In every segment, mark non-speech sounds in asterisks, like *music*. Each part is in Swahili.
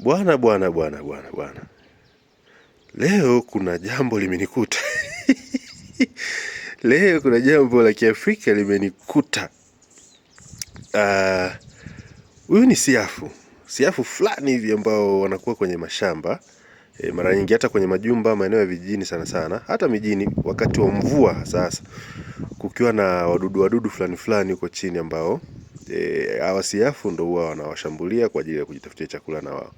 Bwana, bwana, bwana, bwana, bwana, leo kuna jambo limenikuta *laughs* leo kuna jambo la kiafrika limenikuta. Ah, huyu uh, ni siafu siafu fulani hivi ambao wanakuwa kwenye mashamba e, mara nyingi hata kwenye majumba maeneo ya vijijini sana sana, hata mijini wakati wa mvua. Sasa kukiwa na wadudu wadudu fulani fulani huko chini ambao Eh, hawasiafu ndo huwa wanawashambulia kwa ajili ya kujitafutia chakula na wao.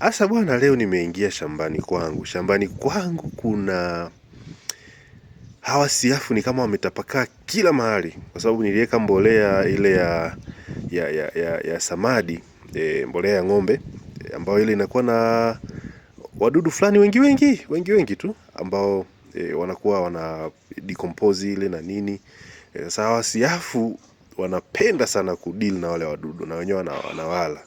Asa bwana, leo nimeingia shambani kwangu. Shambani kwangu kuna hawasiafu ni kama wametapakaa kila mahali, kwa sababu niliweka mbolea ile ya ya, ya, ya, ya samadi e, mbolea ya ng'ombe e, ambayo ile inakuwa na wadudu fulani wengi wengi wengi wengi tu ambao e, wanakuwa wana decompose ile na nini. Sasa siafu wanapenda sana kudeal na wale wadudu na wenyewe wanawala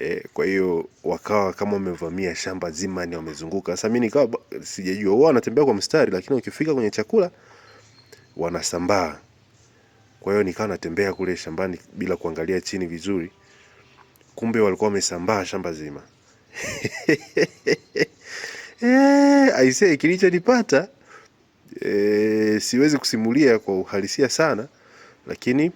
e. Kwa hiyo wakawa kama wamevamia shamba zima, ni wamezunguka. Sasa mimi nikawa sijajua wao wanatembea kwa mstari, lakini ukifika kwenye chakula wanasambaa. Kwa hiyo nikawa natembea kule shambani bila kuangalia chini vizuri, kumbe walikuwa wamesambaa shamba zima. *laughs* E, aisee, kilichonipata e, siwezi kusimulia kwa uhalisia sana, lakini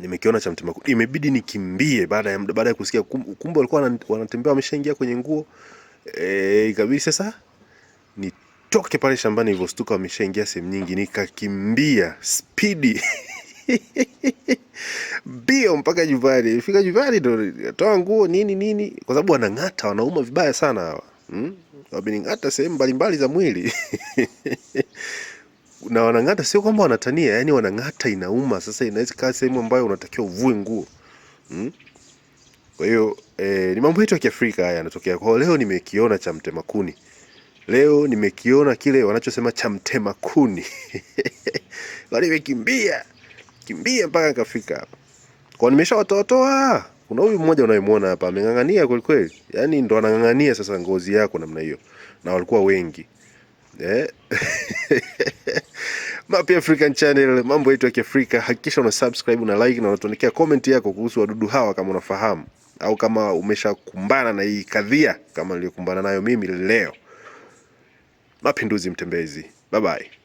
nimekiona cha mtima kundu, imebidi nikimbie baada ya baada ya kusikia kumbe walikuwa wanatembea wameshaingia kwenye nguo e, ikabidi sasa nitoke pale shambani hivyo stuka wameshaingia sehemu nyingi, nikakimbia spidi *laughs* mbio mpaka nyumbani. Fika nyumbani ndo toa nguo nini nini, kwa sababu wanang'ata, wanauma vibaya sana hawa hmm? wabining'ata sehemu mbalimbali za mwili *laughs* na wanang'ata, sio kwamba wanatania, yani wanang'ata inauma. Sasa inaweza kaa sehemu ambayo unatakiwa uvue nguo hmm? Kwa hiyo eh, ni mambo yetu ya Kiafrika haya yanatokea Kwa Leo nimekiona cha mtema kuni, leo nimekiona kile wanachosema cha mtema kuni *laughs* walimekimbia kimbia mpaka nikafika hapa kwa, nimeshawatoatoa. Kuna huyu mmoja unayemwona hapa ameng'ang'ania kweli kweli, yani ndo anang'ang'ania sasa ngozi yako namna hiyo, na walikuwa wengi eh? *laughs* Mapya African Channel, mambo yetu ya Kiafrika. Hakikisha una subscribe na like na unatuandikia comment yako kuhusu wadudu hawa, kama unafahamu au kama umeshakumbana na hii kadhia kama niliyokumbana nayo mimi leo. Mapinduzi mtembezi, bye bye.